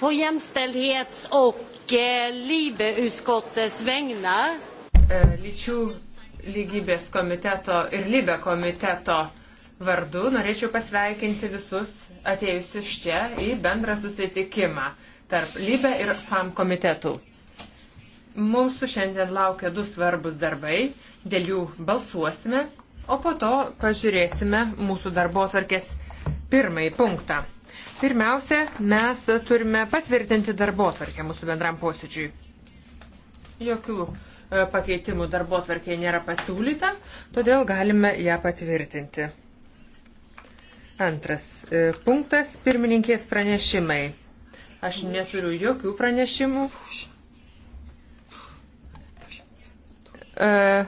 på jämställdhets och eh, LIBE-utskottets vägnar. Eh, Lyčių lygybės komiteto ir LIBE komiteto vardu norėčiau pasveikinti visus atėjusius čia į bendrą susitikimą tarp LIBE ir FAM komitetų. Mūsų šiandien laukia du svarbus darbai, dėl jų balsuosime, o po to pažiūrėsime mūsų darbo atvarkės pirmąjį punktą. Pirmiausia, mes turime patvirtinti darbo atvarkę mūsų bendram posėdžiui. Jokių e, pakeitimų darbo atvarkė nėra pasiūlyta, todėl galime ją patvirtinti. Antras e, punktas - pirmininkės pranešimai. Aš neturiu jokių pranešimų. Uh,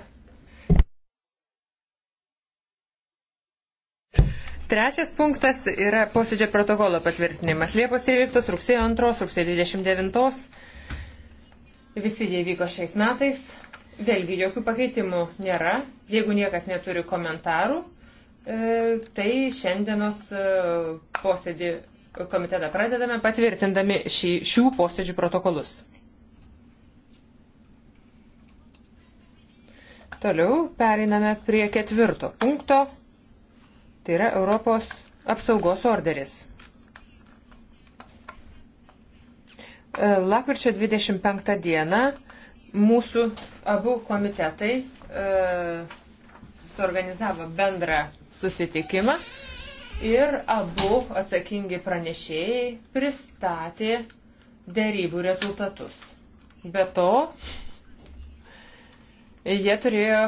Trečias punktas yra posėdžio protokolo patvirtinimas. Liepos 13, rugsėjo 2, rugsėjo 29. Visi jie vyko šiais metais. Vėlgi, jokių pakeitimų nėra. Jeigu niekas neturi komentarų, e, tai šiandienos e, posėdį komitetą pradedame patvirtindami šį, šių posėdžių protokolus. Toliau pereiname prie ketvirto punkto. Tai yra Europos apsaugos orderis. E, lapkričio 25 dieną mūsų abu komitetai e, suorganizavo bendrą susitikimą ir abu atsakingi pranešėjai pristatė dėrybų rezultatus. Be to, jie turėjo,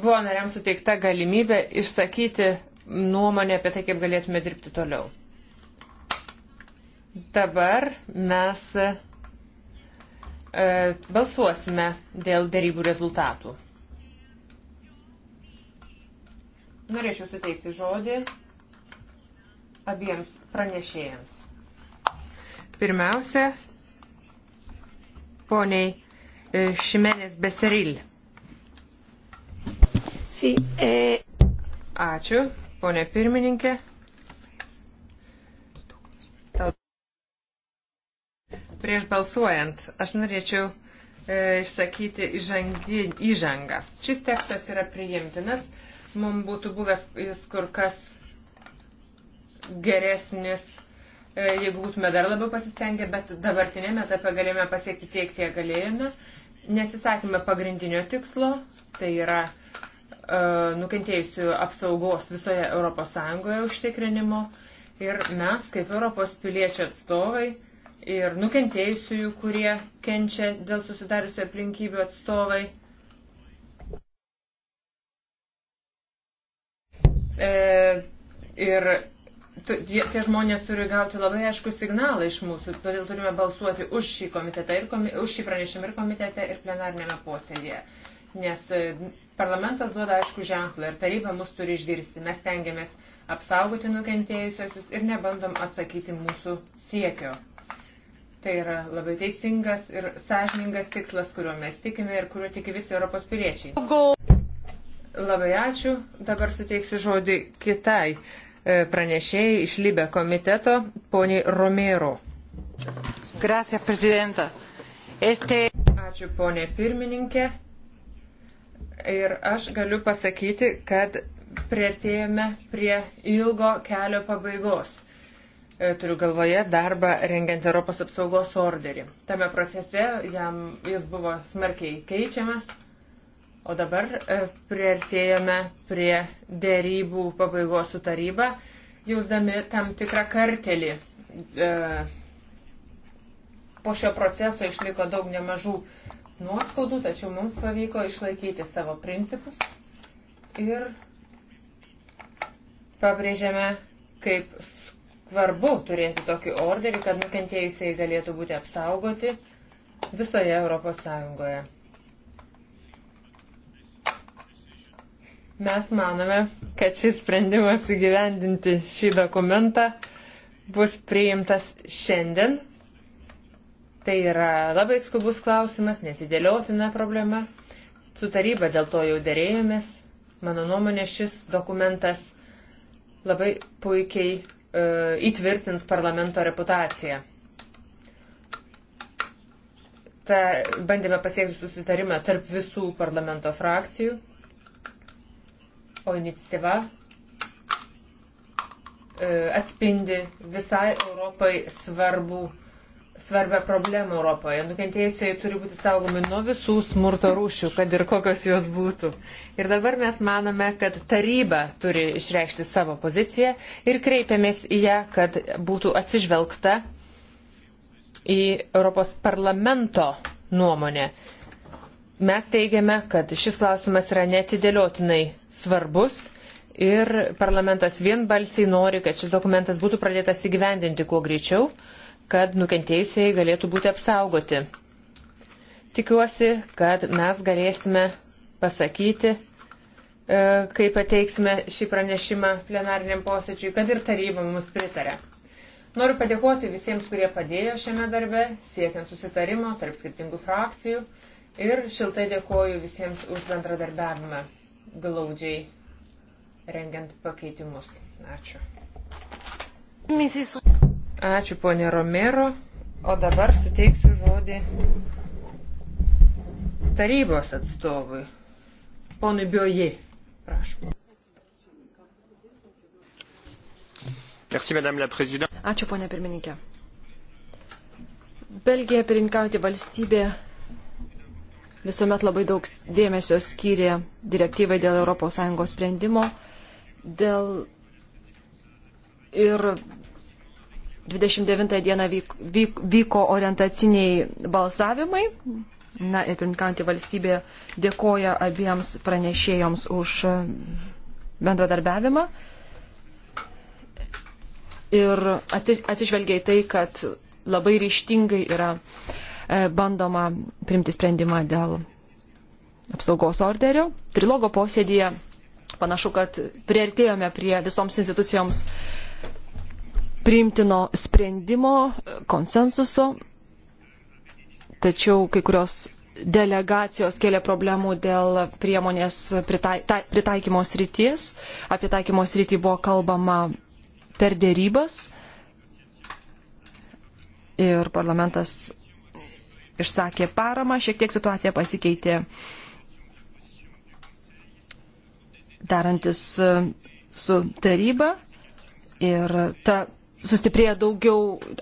buvo nariams suteikta galimybė išsakyti nuomonę apie tai, kaip galėtume dirbti toliau. Dabar mes e, balsuosime dėl dėrybų rezultatų. Norėčiau suteikti žodį abiems pranešėjams. Pirmiausia, poniai Šimenės e, Beseril. Sí, eh... Ačiū ponė pirmininkė. Prieš balsuojant, aš norėčiau e, išsakyti įžangi, įžangą. Šis tekstas yra priimtinas, mums būtų buvęs jis kur kas geresnis, e, jeigu būtume dar labiau pasistengę, bet dabartinėme etape galėjome pasiekti tiek, kiek galėjome. Nesisakėme pagrindinio tikslo, tai yra E, nukentėjusių apsaugos visoje ES užtikrinimo ir mes kaip Europos piliečių atstovai ir nukentėjusiųjų, kurie kenčia dėl susidariusių aplinkybių atstovai. E, ir tie, tie žmonės turi gauti labai aišku signalą iš mūsų, todėl turime balsuoti už šį, komitetą ir komi, už šį pranešimą ir komitete, ir plenarnėme posėdėje nes e, parlamentas duoda aišku ženklą ir taryba mus turi išgirsti. Mes tengiamės apsaugoti nukentėjusiosius ir nebandom atsakyti mūsų siekio. Tai yra labai teisingas ir sąžiningas tikslas, kuriuo mes tikime ir kuriuo tiki visi Europos piliečiai. Labai ačiū. Dabar suteiksiu žodį kitai e, pranešėjai iš Libė komiteto, poniai Romero. Gracias, prezidenta. Este... Ačiū, ponė pirmininkė Ir aš galiu pasakyti, kad priartėjome prie ilgo kelio pabaigos. E, turiu galvoje darbą rengiant Europos apsaugos orderį. Tame procese jam, jis buvo smarkiai keičiamas, o dabar e, priartėjome prie dėrybų pabaigos su taryba, jausdami tam tikrą kartelį. E, po šio proceso išliko daug nemažų nuoskaudų, tačiau mums pavyko išlaikyti savo principus ir pabrėžiame, kaip svarbu turėti tokį orderį, kad nukentėjusiai galėtų būti apsaugoti visoje Europos Sąjungoje. Mes manome, kad šis sprendimas įgyvendinti šį dokumentą bus priimtas šiandien Tai yra labai skubus klausimas, netidėliotina problema. Su taryba dėl to jau dėrėjomės. Mano nuomonė šis dokumentas labai puikiai e, įtvirtins parlamento reputaciją. Ta, bandėme pasiekti susitarimą tarp visų parlamento frakcijų, o iniciatyva e, atspindi visai Europai svarbų svarbę problemą Europoje. Nukentėjusiai turi būti saugomi nuo visų smurto rūšių, kad ir kokios jos būtų. Ir dabar mes manome, kad taryba turi išreikšti savo poziciją ir kreipiamės į ją, kad būtų atsižvelgta į Europos parlamento nuomonę. Mes teigiame, kad šis klausimas yra netidėliotinai svarbus ir parlamentas vienbalsiai nori, kad šis dokumentas būtų pradėtas įgyvendinti kuo greičiau kad nukentėjusiai galėtų būti apsaugoti. Tikiuosi, kad mes galėsime pasakyti, e, kai pateiksime šį pranešimą plenariniam posėdžiui, kad ir taryba mums pritarė. Noriu padėkoti visiems, kurie padėjo šiame darbe, siekiant susitarimo tarp skirtingų frakcijų ir šiltai dėkoju visiems už bendradarbiavimą glaudžiai rengiant pakeitimus. Ačiū. Mrs. Ačiū ponė Romero. O dabar suteiksiu žodį tarybos atstovui, ponui Bioji. Prašom. Merci, Ačiū, ponė pirmininkė. Belgija pirinkauti valstybė visuomet labai daug dėmesio skyrė direktyvai dėl ES sprendimo dėl ir 29 dieną vyk, vyk, vyko orientaciniai balsavimai. Na ir pirmkantį valstybė dėkoja abiems pranešėjoms už e, bendradarbiavimą. Ir atsižvelgia į tai, kad labai ryštingai yra e, bandoma primti sprendimą dėl apsaugos orderio. Trilogo posėdėje panašu, kad prieartėjome prie visoms institucijoms uh, priimtino sprendimo, konsensuso, tačiau kai kurios delegacijos kėlė problemų dėl priemonės pritai, ta, pritaikymo srities. Apie taikymo srity buvo kalbama per dėrybas ir parlamentas išsakė paramą, šiek tiek situacija pasikeitė darantis su taryba ir ta sustiprėjo daugiau,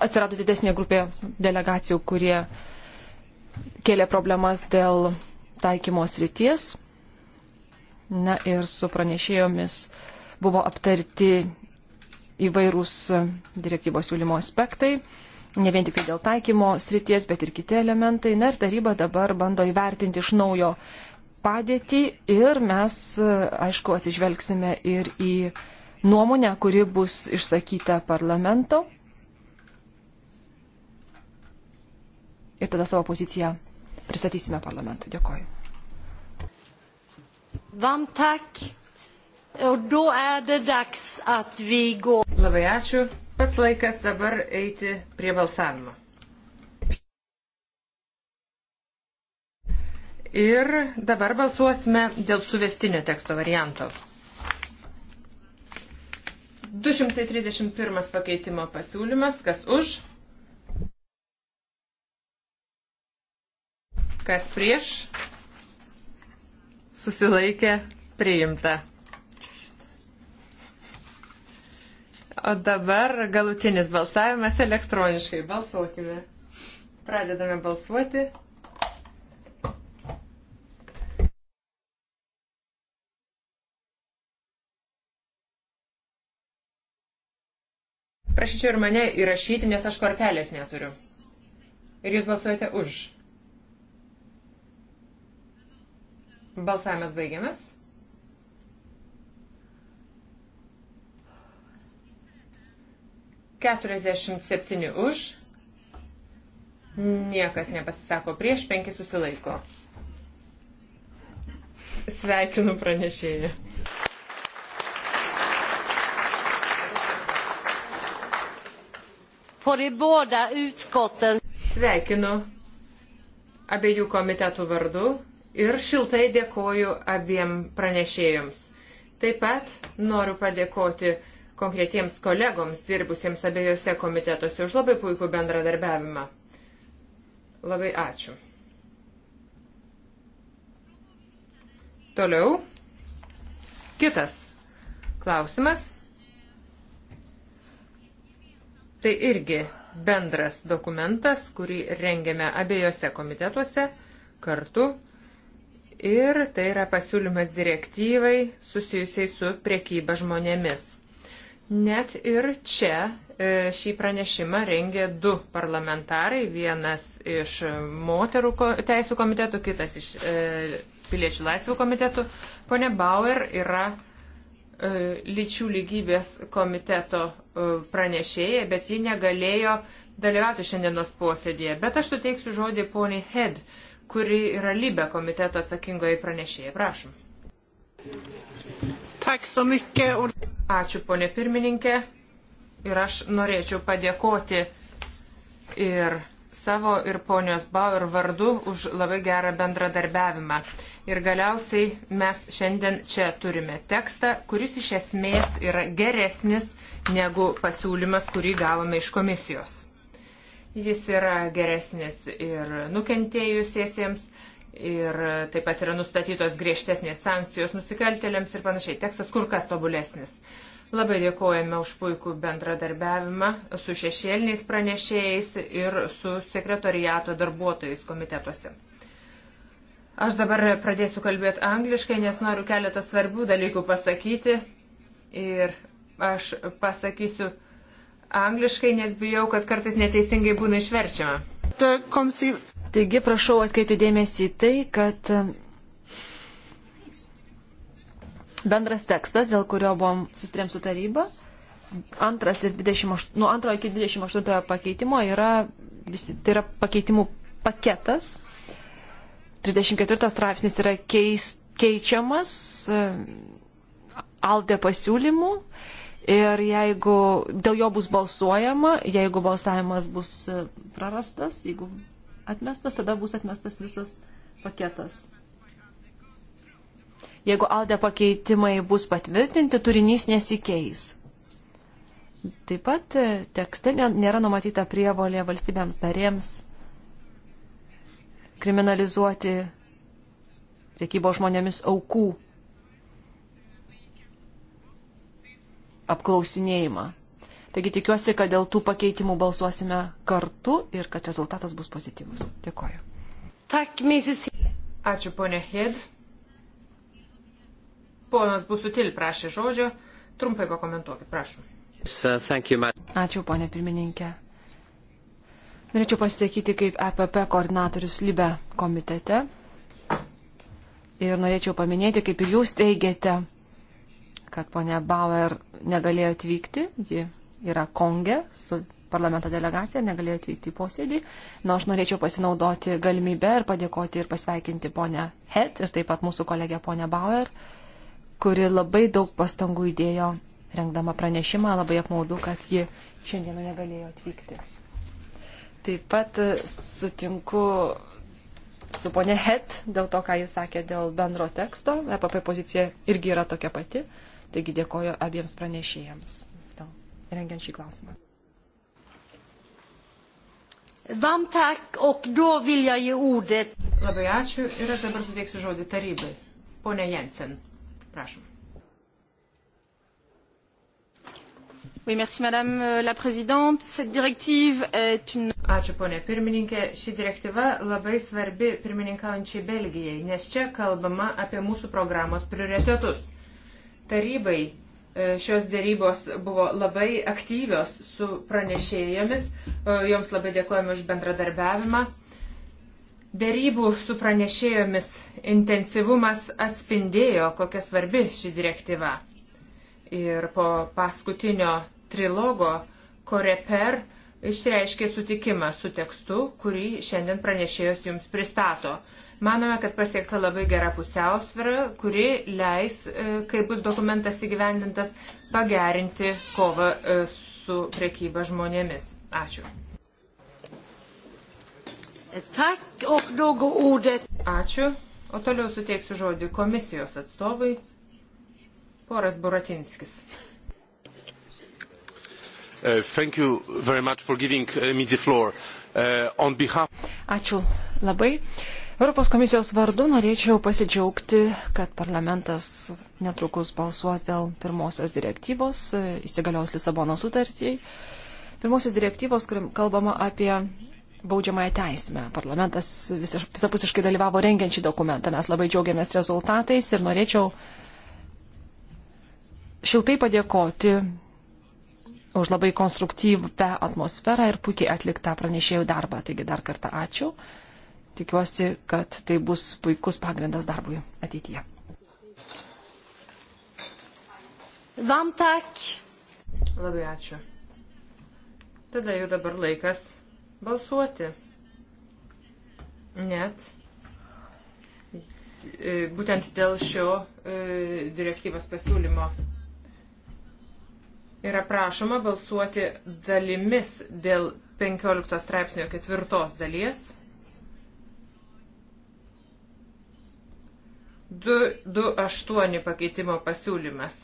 atsirado didesnė grupė delegacijų, kurie kėlė problemas dėl taikymos ryties. Na ir su pranešėjomis buvo aptarti įvairūs direktyvos siūlymo aspektai, ne vien tik tai dėl taikymo srities, bet ir kiti elementai. Na ir taryba dabar bando įvertinti iš naujo padėtį ir mes, aišku, atsižvelgsime ir į nuomonę, kuri bus išsakyta parlamento. Ir tada savo poziciją pristatysime parlamentui. Dėkoju. Vam tak. Då är det dags att vi går. Labai ačiū. Pats laikas dabar eiti prie balsavimo. Ir dabar balsuosime dėl suvestinio teksto varianto. 231 pakeitimo pasiūlymas, kas už, kas prieš, susilaikė priimta. O dabar galutinis balsavimas elektroniškai. Balsuokime. Pradedame balsuoti. Prašyčiau ir mane įrašyti, nes aš kortelės neturiu. Ir jūs balsuojate už. Balsavimas baigiamas. Keturiasdešimt septyni už. Niekas nepasisako prieš, penki susilaiko. Sveikinu pranešėją. Sveikinu abiejų komitetų vardu ir šiltai dėkoju abiem pranešėjams. Taip pat noriu padėkoti konkretiems kolegoms dirbusiems abiejose komitetuose už labai puikų bendradarbiavimą. Labai ačiū. Toliau. Kitas klausimas. Tai irgi bendras dokumentas, kurį rengėme abiejose komitetuose kartu. Ir tai yra pasiūlymas direktyvai susijusiai su priekyba žmonėmis. Net ir čia e, šį pranešimą rengė du parlamentarai, vienas iš moterų teisų komitetų, kitas iš e, piliečių laisvių komitetų. Pone Bauer yra E, lyčių lygybės komiteto e, pranešėja, bet ji negalėjo dalyvauti šiandienos posėdėje. Bet aš suteiksiu žodį poniai Head, kuri yra Libe komiteto atsakingoji pranešėja. Prašom. Ačiū, ponė pirmininkė. Ir aš norėčiau padėkoti ir savo ir ponios Bauer vardu už labai gerą bendradarbiavimą. Ir galiausiai mes šiandien čia turime tekstą, kuris iš esmės yra geresnis negu pasiūlymas, kurį gavome iš komisijos. Jis yra geresnis ir nukentėjusiesiems, ir taip pat yra nustatytos griežtesnės sankcijos nusikaltėliams ir panašiai. Tekstas kur kas tobulesnis. Labai dėkojame už puikų bendradarbiavimą su šešėliniais pranešėjais ir su sekretoriato darbuotojais komitetuose. Aš dabar pradėsiu kalbėti angliškai, nes noriu keletą svarbių dalykų pasakyti. Ir aš pasakysiu angliškai, nes bijau, kad kartais neteisingai būna išverčiama. Taigi prašau atkreipti dėmesį į tai, kad bendras tekstas, dėl kurio buvom sustrėm su taryba. Antras ir 28, nuo antro iki 28 pakeitimo yra, visi, tai yra pakeitimų paketas. 34 straipsnis yra keis, keičiamas e, Alde pasiūlymų ir jeigu dėl jo bus balsuojama, jeigu balsavimas bus e, prarastas, jeigu atmestas, tada bus atmestas visas paketas. Jeigu alde pakeitimai bus patvirtinti, turinys nesikeis. Taip pat e, tekste nėra numatyta prievolė valstybėms narėms kriminalizuoti priekybo žmonėmis aukų apklausinėjimą. Taigi tikiuosi, kad dėl tų pakeitimų balsuosime kartu ir kad rezultatas bus pozityvus. Dėkoju. Ačiū, ponė Hed. Ponas Busutil prašė žodžio. Trumpai pakomentuokit, prašom. Uh, Ačiū, ponė pirmininkė. Norėčiau pasisakyti kaip EPP koordinatorius Libe komitete. Ir norėčiau paminėti, kaip ir jūs teigiate, kad ponia Bauer negalėjo atvykti. Ji yra Konge su parlamento delegacija, negalėjo atvykti į posėdį. Na, aš norėčiau pasinaudoti galimybę ir padėkoti ir pasveikinti ponę Het ir taip pat mūsų kolegę ponę Bauer. Uh, kuri labai daug pastangų įdėjo rengdama pranešimą, labai apmaudu, kad ji šiandieną negalėjo atvykti. Taip pat e, sutinku su ponė Het dėl to, ką jis sakė dėl bendro teksto. EPP pozicija irgi yra tokia pati. Taigi dėkoju abiems pranešėjams dėl rengiant šį klausimą. Vam tak, ok, do vilja į ūdėt. Labai ačiū ir aš dabar suteiksiu žodį tarybai. Pone Jensen. Prašom. Oui, merci, Madame euh, la Présidente. Cette directive est une. Ačiū, ponė pirmininkė. Ši direktyva labai svarbi pirmininkaujančiai Belgijai, nes čia kalbama apie mūsų programos prioritetus. Tarybai e, šios dėrybos buvo labai aktyvios su pranešėjomis, e, joms labai dėkojame už bendradarbiavimą. Dėrybų su pranešėjomis intensyvumas atspindėjo, kokia svarbi ši direktyva. Ir po paskutinio trilogo Koreper išreiškė sutikimą su tekstu, kurį šiandien pranešėjos jums pristato. Manome, kad pasiekta labai gera pusiausvėra, kuri leis, e, kai bus dokumentas įgyvendintas, pagerinti kovą e, su priekyba žmonėmis. Ačiū. Ačiū. O toliau suteiksiu žodį komisijos atstovai, poras Boratinskis. Uh, giving, uh, uh, behalf... Ačiū labai. Europos komisijos vardu norėčiau pasidžiaugti, kad parlamentas netrukus balsuos dėl pirmosios direktyvos, įsigalios Lisabono sutartijai. Pirmosios direktyvos, kuriam kalbama apie baudžiamąją teismę. Parlamentas visapusiškai dalyvavo rengiant šį dokumentą. Mes labai džiaugiamės rezultatais ir norėčiau šiltai padėkoti už labai konstruktyvę atmosferą ir puikiai atliktą pranešėjų darbą. Taigi dar kartą ačiū. Tikiuosi, kad tai bus puikus pagrindas darbui ateityje. Vam tak. Labai ačiū. Tada jau dabar laikas balsuoti. Net e, būtent dėl šio e, direktyvos pasiūlymo yra prašoma balsuoti dalimis dėl 15 straipsnio ketvirtos dalies. 228 pakeitimo pasiūlymas.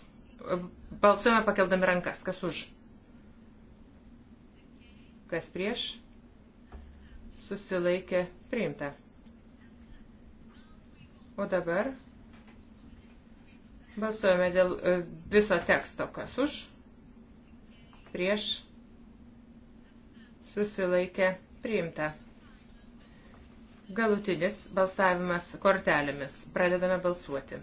Balsuojame pakeldami rankas. Kas už? Kas prieš? susilaikė priimta. O dabar balsuojame dėl e, viso teksto, kas už, prieš, susilaikė priimta. Galutinis balsavimas kortelėmis. Pradedame balsuoti.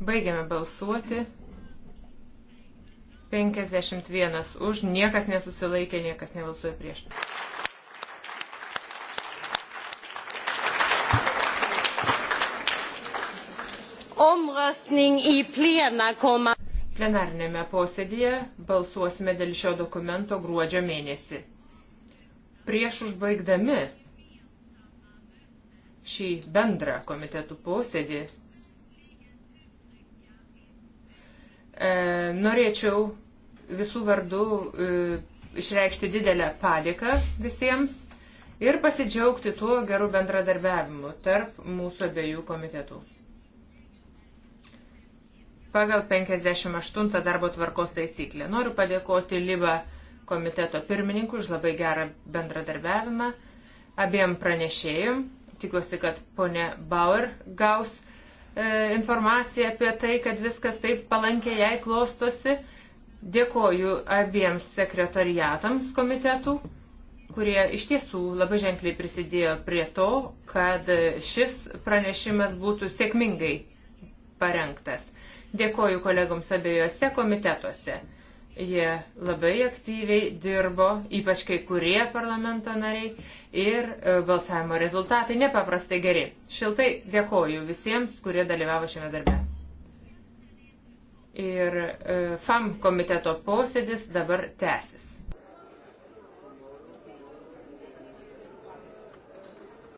Baigiame balsuoti. 51 už, niekas nesusilaikė, niekas nebalsuoja prieš. Omröstning į plieną koma. Plenarinėme posėdėje balsuosime dėl šio dokumento gruodžio mėnesį. Prieš užbaigdami šį bendrą komitetų posėdį, e, norėčiau visų vardų e, išreikšti didelę padėką visiems ir pasidžiaugti tuo geru bendradarbiavimu tarp mūsų abiejų komitetų. Pagal 58 darbo tvarkos taisyklę noriu padėkoti Liba komiteto pirmininkui už labai gerą bendradarbiavimą abiem pranešėjim Tikiuosi, kad ponė Bauer gaus e, informaciją apie tai, kad viskas taip palankiai jai klostosi. Dėkoju abiems sekretariatams komitetų, kurie iš tiesų labai ženkliai prisidėjo prie to, kad šis pranešimas būtų sėkmingai parengtas. Dėkoju kolegoms abiejose komitetuose. Jie labai aktyviai dirbo, ypač kai kurie parlamento nariai ir e, balsavimo rezultatai nepaprastai geri. Šiltai dėkoju visiems, kurie dalyvavo šiame darbe. Ir e, FAM komiteto posėdis dabar tęsis.